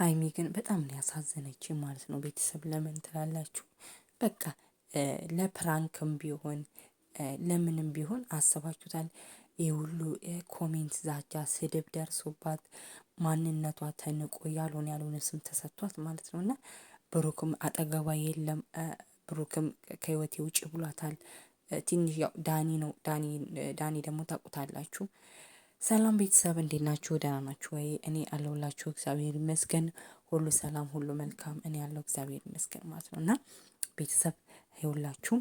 ሀይሚ ግን በጣም ነው ያሳዘነች ማለት ነው። ቤተሰብ ለምን ትላላችሁ? በቃ ለፕራንክም ቢሆን ለምንም ቢሆን አስባችሁታል። ይህ ሁሉ ኮሜንት፣ ዛቻ፣ ስድብ ደርሶባት ማንነቷ ተንቆ ያልሆነ ያልሆነ ስም ተሰጥቷት ማለት ነው እና ብሩክም አጠገቧ የለም። ብሩክም ከህይወቴ ውጭ ብሏታል። ትንሽ ያው ዳኒ ነው። ዳኒ ደግሞ ታውቁታላችሁ። ሰላም ቤተሰብ እንዴት ናችሁ? ደህና ናችሁ ወይ? እኔ አለሁላችሁ። እግዚአብሔር ይመስገን፣ ሁሉ ሰላም፣ ሁሉ መልካም። እኔ ያለው እግዚአብሔር ይመስገን ማለት ነው እና ቤተሰብ ይሁላችሁ፣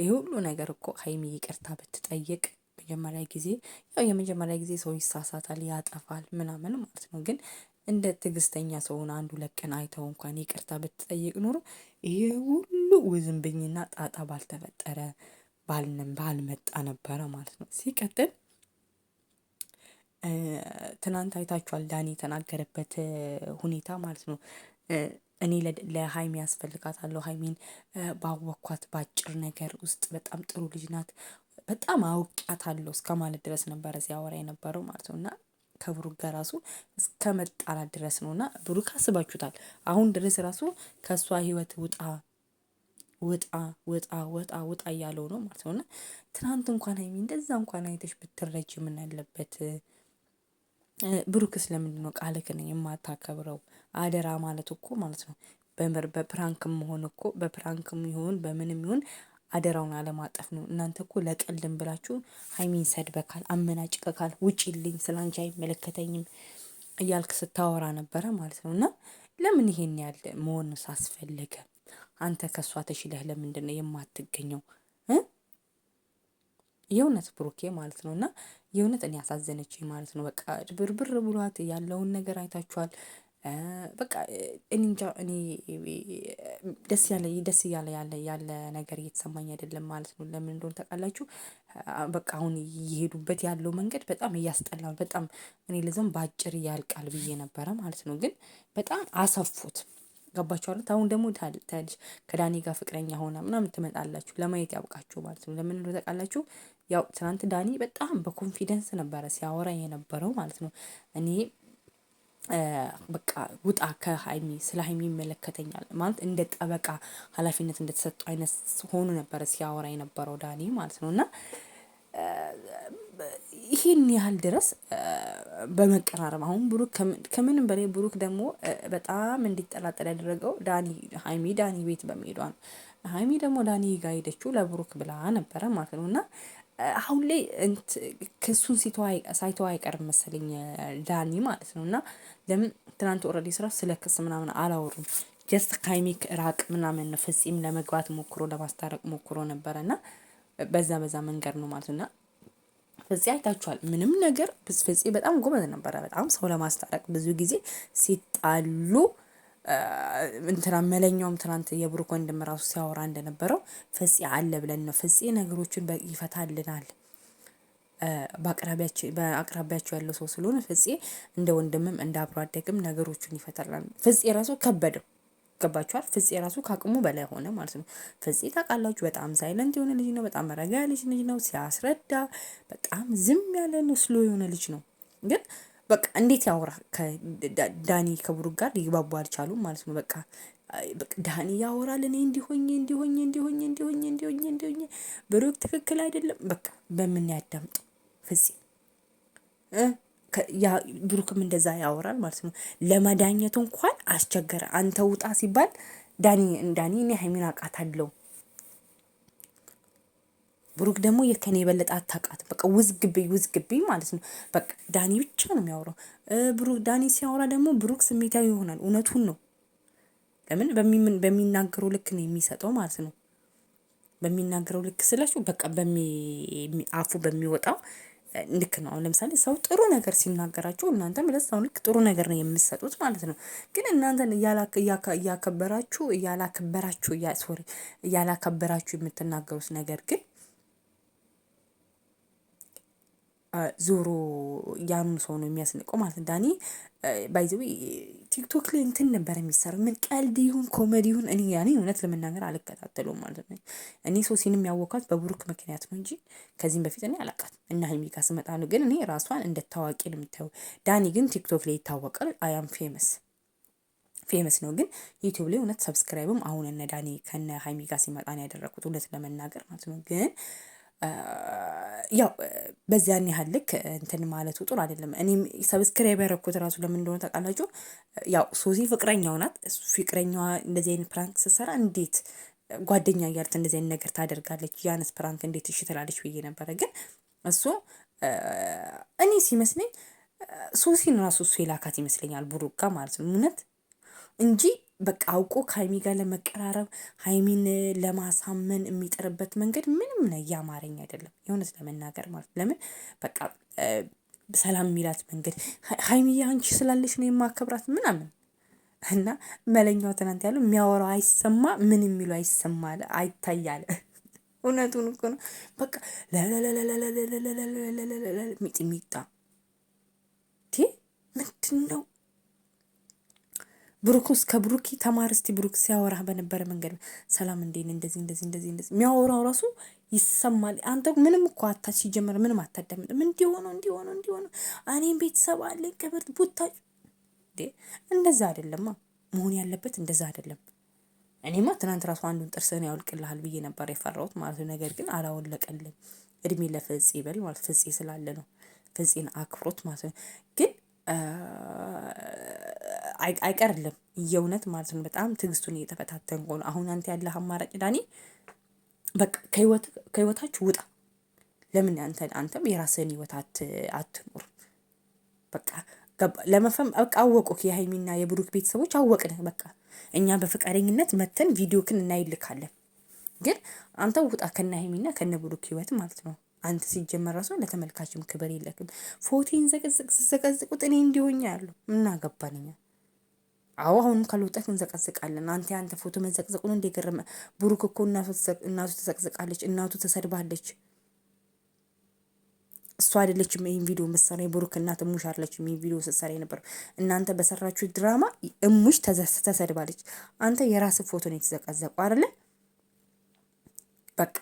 ይህ ሁሉ ነገር እኮ ሀይሚ ይቅርታ ብትጠይቅ መጀመሪያ ጊዜ ያው የመጀመሪያ ጊዜ ሰው ይሳሳታል፣ ያጠፋል ምናምን ማለት ነው። ግን እንደ ትዕግስተኛ ሰውን አንዱ ለቀን አይተው እንኳን ይቅርታ ብትጠይቅ ኖሮ ይሄ ሁሉ ውዝንብኝና ጣጣ ባልተፈጠረ ባልመጣ ነበረ ማለት ነው። ሲቀጥል ትናንት አይታችኋል ዳኒ የተናገረበት ሁኔታ ማለት ነው። እኔ ለሀይሚ አስፈልጋታለሁ ሀይሚን ባወኳት በአጭር ነገር ውስጥ በጣም ጥሩ ልጅ ናት በጣም አውቂያታለሁ እስከማለት ድረስ ነበረ ሲያወራ የነበረው ማለት ነው። እና ከብሩክ ጋር ራሱ እስከ መጣላት ድረስ ነው። እና ብሩክ አስባችሁታል አሁን ድረስ ራሱ ከእሷ ህይወት ውጣ ወጣ ወጣ ወጣ ውጣ እያለው ነው ማለት ነው። እና ትናንት እንኳን ሀይሚ እንደዛ እንኳን አይተሽ ብትረጅ ምን አለበት? ብሩክስ ለምንድን ነው ቃልክን የማታከብረው? አደራ ማለት እኮ ማለት ነው በፕራንክም መሆን እኮ በፕራንክም ይሁን በምንም ይሁን አደራውን አለማጠፍ ነው። እናንተ እኮ ለቅልም ብላችሁ ሀይሚን ሰድበካል፣ አመናጭቀካል፣ ውጪልኝ፣ ስላንቺ አይመለከተኝም እያልክ ስታወራ ነበረ ማለት ነው። እና ለምን ይሄን ያለ መሆን ሳስፈለገ አንተ ከእሷ ተሽለህ ለምንድን ነው የማትገኘው? የእውነት ብሩኬ ማለት ነው እና የእውነት እኔ ያሳዘነች ማለት ነው። በቃ ብርብር ብሏት ያለውን ነገር አይታችኋል። በቃ እኔ እንጃ እኔ ደስ ያለ ደስ እያለ ያለ ያለ ነገር እየተሰማኝ አይደለም ማለት ነው። ለምን እንደሆነ ታውቃላችሁ? በቃ አሁን እየሄዱበት ያለው መንገድ በጣም እያስጠላል። በጣም እኔ ለዛም በአጭር ያልቃል ብዬ ነበረ ማለት ነው። ግን በጣም አሰፉት። ገባችኋል? አሁን ደግሞ ታያለች ከዳኒ ጋር ፍቅረኛ ሆና ምናምን ትመጣላችሁ። ለማየት ያብቃችሁ ማለት ነው። ለምን ታውቃላችሁ? ያው ትናንት ዳኒ በጣም በኮንፊደንስ ነበረ ሲያወራ የነበረው ማለት ነው። እኔ በቃ ውጣ ከሀይሚ ስለ ሀይሚ ይመለከተኛል ማለት እንደ ጠበቃ ኃላፊነት እንደተሰጡ አይነት ሆኑ ነበረ ሲያወራ የነበረው ዳኒ ማለት ነው እና ይህን ያህል ድረስ በመቀራረብ አሁን ብሩክ ከምንም በላይ ብሩክ ደግሞ በጣም እንዲጠላጠል ያደረገው ዳኒ ሀይሚ ዳኒ ቤት በመሄዷ ነው። ሀይሚ ደግሞ ዳኒ ጋ ሄደችው ለብሩክ ብላ ነበረ ማለት ነው። እና አሁን ላይ ክሱን ሳይተዋ አይቀርም መሰለኝ ዳኒ ማለት ነው። እና ለምን ትናንት ኦልሬዲ ስራ ስለ ክስ ምናምን አላወሩም። ጀስት ከሀይሚ ራቅ ምናምን ፍጺም ለመግባት ሞክሮ ለማስታረቅ ሞክሮ ነበረ እና በዛ በዛ መንገድ ነው ማለት ነው። ፍፄ አይታችኋል። ምንም ነገር ፍፄ በጣም ጎበዝ ነበረ። በጣም ሰው ለማስታረቅ ብዙ ጊዜ ሲጣሉ እንትና መለኛውም ትናንት የብሩክ ወንድም ራሱ ሲያወራ እንደነበረው ፍፄ አለ ብለን ነው። ፍፄ ነገሮችን ይፈታልናል። በአቅራቢያቸው ያለው ሰው ስለሆነ ፍፄ እንደ ወንድምም እንደ አብሮ አደግም ነገሮችን ይፈታልናል። ፍፄ ራሱ ከበደው ገባችኋል? ፍፄ ራሱ ከአቅሙ በላይ ሆነ ማለት ነው። ፍፄ ታውቃላችሁ፣ በጣም ሳይለንት የሆነ ልጅ ነው። በጣም ረጋ ያለች ልጅ ነው። ሲያስረዳ በጣም ዝም ያለ ነው። ስሎ የሆነ ልጅ ነው። ግን በቃ እንዴት ያወራ ዳኒ ከብሩክ ጋር ሊግባቡ አልቻሉም ማለት ነው። በቃ ዳኒ ያወራል። እኔ እንዲሆኝ እንዲሆኝ እንዲሆኝ እንዲሆኝ እንዲሆኝ እንዲሆኝ ብሩክ ትክክል አይደለም። በቃ በምን ያዳምጡ ፍፄ ብሩክም እንደዛ ያወራል ማለት ነው። ለመዳኘቱ እንኳን አስቸገረ። አንተ ውጣ ሲባል ዳኒ ዳኒ እኔ ሀይሚን አውቃታለሁ ብሩክ ደግሞ የከኔ የበለጠ አታውቃት። በቃ ውዝግብኝ ውዝግብኝ ማለት ነው። በቃ ዳኒ ብቻ ነው የሚያወራው። ብሩክ ዳኒ ሲያወራ ደግሞ ብሩክ ስሜታዊ ይሆናል። እውነቱን ነው። ለምን በሚናገረው ልክ ነው የሚሰጠው ማለት ነው። በሚናገረው ልክ ስላችሁ በቃ በሚ አፉ በሚወጣው ልክ ነው። አሁን ለምሳሌ ሰው ጥሩ ነገር ሲናገራችሁ እናንተም ለዛው ልክ ጥሩ ነገር ነው የምትሰጡት ማለት ነው። ግን እናንተን እያከበራችሁ እያላከበራችሁ ሶሪ እያላከበራችሁ የምትናገሩት ነገር ግን ዞሮ ያም ሰው ነው የሚያስንቀው ማለት ነው። ዳኒ ቲክቶክ ላይ እንትን ነበር የሚሰራው ምን ቀልድ ይሁን ኮሜዲ ይሁን እኔ ያኔ እውነት ለመናገር አልከታተለውም ማለት ነው። እኔ ሶሲንም የሚያወቃት በብሩክ ምክንያት ነው እንጂ ከዚህም በፊት እኔ አላቃት እና ሀይሚ ጋር ስመጣ ነው ግን እኔ ራሷን እንደ ታዋቂ ነው የምታየው። ዳኒ ግን ቲክቶክ ላይ ይታወቃል። አያም ፌመስ ፌመስ ነው ግን ዩቲዩብ ላይ እውነት ሰብስክራይብም አሁን እነ ዳኒ ከነ ሀይሚ ጋር ሲመጣ ነው እውነት ለመናገር ማለት ነው ግን ያው በዚያን ያህል ልክ እንትን ማለቱ ጥሩ አይደለም። እኔም ሰብስክራይብ ያደረኩት ራሱ ለምን እንደሆነ ታውቃላችሁ? ያው ሶሲ ፍቅረኛው ናት። ፍቅረኛዋ እንደዚህ አይነት ፕራንክ ስትሰራ እንዴት ጓደኛ እያለት እንደዚህ አይነት ነገር ታደርጋለች? ያንስ ፕራንክ እንዴት እሺ ትላለች ብዬ ነበረ። ግን እሱ እኔ ሲመስለኝ ሶሲን ራሱ እሱ የላካት ይመስለኛል ቡሩካ ማለት ነው እውነት እንጂ በቃ አውቆ ከሀይሚ ጋር ለመቀራረብ ሀይሚን ለማሳመን የሚጥርበት መንገድ ምንም ነው እያማረኝ አይደለም፣ የእውነት ለመናገር ማለት ለምን በቃ ሰላም የሚላት መንገድ ሀይሚዬ አንቺ ስላለች ነው የማከብራት ምናምን እና መለኛው ትናንት ያለው የሚያወራው አይሰማ ምን የሚሉ አይሰማ አይታያለ። እውነቱን እኮ ነው። በቃ ሚጥሚጣ ውስጥ ከብሩክ ተማር እስቲ ብሩክ ሲያወራህ በነበረ መንገድ ሰላም እንዴን እንደዚህ እንደዚህ እንደዚህ እንደዚህ የሚያወራው ራሱ ይሰማል። አንተ ምንም እኮ አታች ሲጀመር ምንም አታዳምጥም። እንዲሆኑ እንዲሆኑ እንዲሆኑ እኔም ቤተሰብ አለ ቅብርት ቡታ እንደዛ አይደለማ መሆን ያለበት እንደዛ አይደለም። እኔማ ትናንት ራሱ አንዱን ጥርስን ያውልቅልሃል ብዬ ነበር የፈራሁት ማለት ነው። ነገር ግን አላወለቀልም። እድሜ ለፍጽ ይበል ማለት ፍጽ ስላለ ነው። ፍጽን አክብሮት ማለት ነው ግን አይቀርልም የእውነት ማለት ነው። በጣም ትዕግስቱን እየተፈታተንኩ ነው። አሁን አንተ ያለህ አማራጭ ዳኒ በቃ ከህይወታችሁ ውጣ። ለምን አንተ አንተም የራስህን ህይወት አትኖር። በቃ ለመፈም በቃ አወቁክ። የሀይሚና የብሩክ ቤተሰቦች አወቅንህ። በቃ እኛ በፈቃደኝነት መተን ቪዲዮክን እናይልካለን፣ ግን አንተ ውጣ ከነ ሀይሚና ከነ ብሩክ ህይወት ማለት ነው። አንተ ሲጀመር ራሱ ለተመልካችም ክብር የለክም። ፎቴን ዘቅዝቅ ስዘቀዝቁት እኔ እንዲሆኛ ያሉ ምናገባንኛ አዎ አሁንም ካልወጣት እንዘቀዝቃለን። አንተ አንተ ፎቶ መዘቅዘቁን እንደ ገረመ ብሩክ እኮ እናቱ ተዘቅዝቃለች፣ እናቱ ተሰድባለች። እሷ አይደለችም ይህን ቪዲዮ መሰራ የብሩክ እናት እሙሽ አለችም ይህን ቪዲዮ ስትሰራ ነበር። እናንተ በሰራችሁ ድራማ እሙሽ ተሰድባለች። አንተ የራስ ፎቶ ነው የተዘቀዘቁ አይደለ? በቃ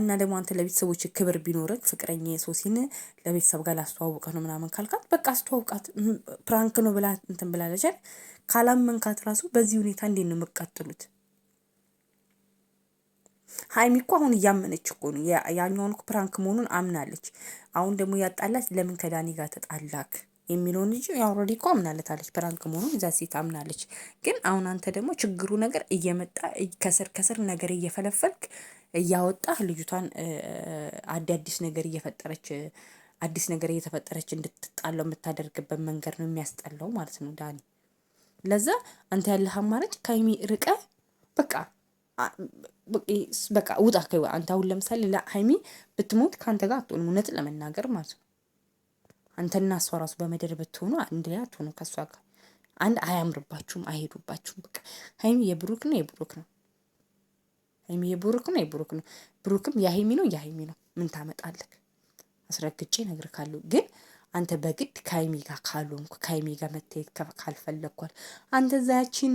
እና ደግሞ አንተ ለቤተሰቦች ክብር ቢኖረክ ፍቅረኛ የሶሲን ለቤተሰብ ጋር ላስተዋውቀ ነው ምናምን ካልካት በቃ አስተዋውቃት። ፕራንክ ነው ብላ እንትን ብላለች። ካላመንካት ራሱ በዚህ ሁኔታ እንዴት ነው የምቀጥሉት? ሀይሚ እኮ አሁን እያመነች እኮ ነው ያኛውን ፕራንክ መሆኑን አምናለች። አሁን ደግሞ ያጣላት ለምን ከዳኒ ጋር ተጣላክ የሚለውን እንጂ ኦልሬዲ እኮ አምናለታለች ፕራንክ መሆኑን እዛ ሴት አምናለች። ግን አሁን አንተ ደግሞ ችግሩ ነገር እየመጣ ከስር ከስር ነገር እየፈለፈልክ እያወጣ ልጅቷን አዳዲስ ነገር እየፈጠረች አዲስ ነገር እየተፈጠረች እንድትጣለው የምታደርግበት መንገድ ነው የሚያስጠላው ማለት ነው ዳኒ። ለዛ አንተ ያለህ አማራጭ ከሚ ርቀ በቃ በቃ ውጣ ከ አንተ አሁን ለምሳሌ ለሀይሚ ብትሞት ከአንተ ጋር አትሆንም፣ እውነት ለመናገር ማለት ነው። አንተና እሷ ራሱ በመደር ብትሆኑ አንድ ላይ አትሆኑ ከእሷ ጋር አንድ አያምርባችሁም፣ አይሄዱባችሁም። በቃ ሀይሚ የብሩክ ነው የብሩክ ነው። ሀይሚ የብሩክ ነው የብሩክ ነው፣ ብሩክም የሀይሚ ነው የሀይሚ ነው። ምን ታመጣለህ? አስረግጬ እነግርሃለሁ። ግን አንተ በግድ ከሀይሚ ጋር ካልሆንኩ ከሀይሚ ጋር መታየት ካልፈለግኳል አንተ ዛያችን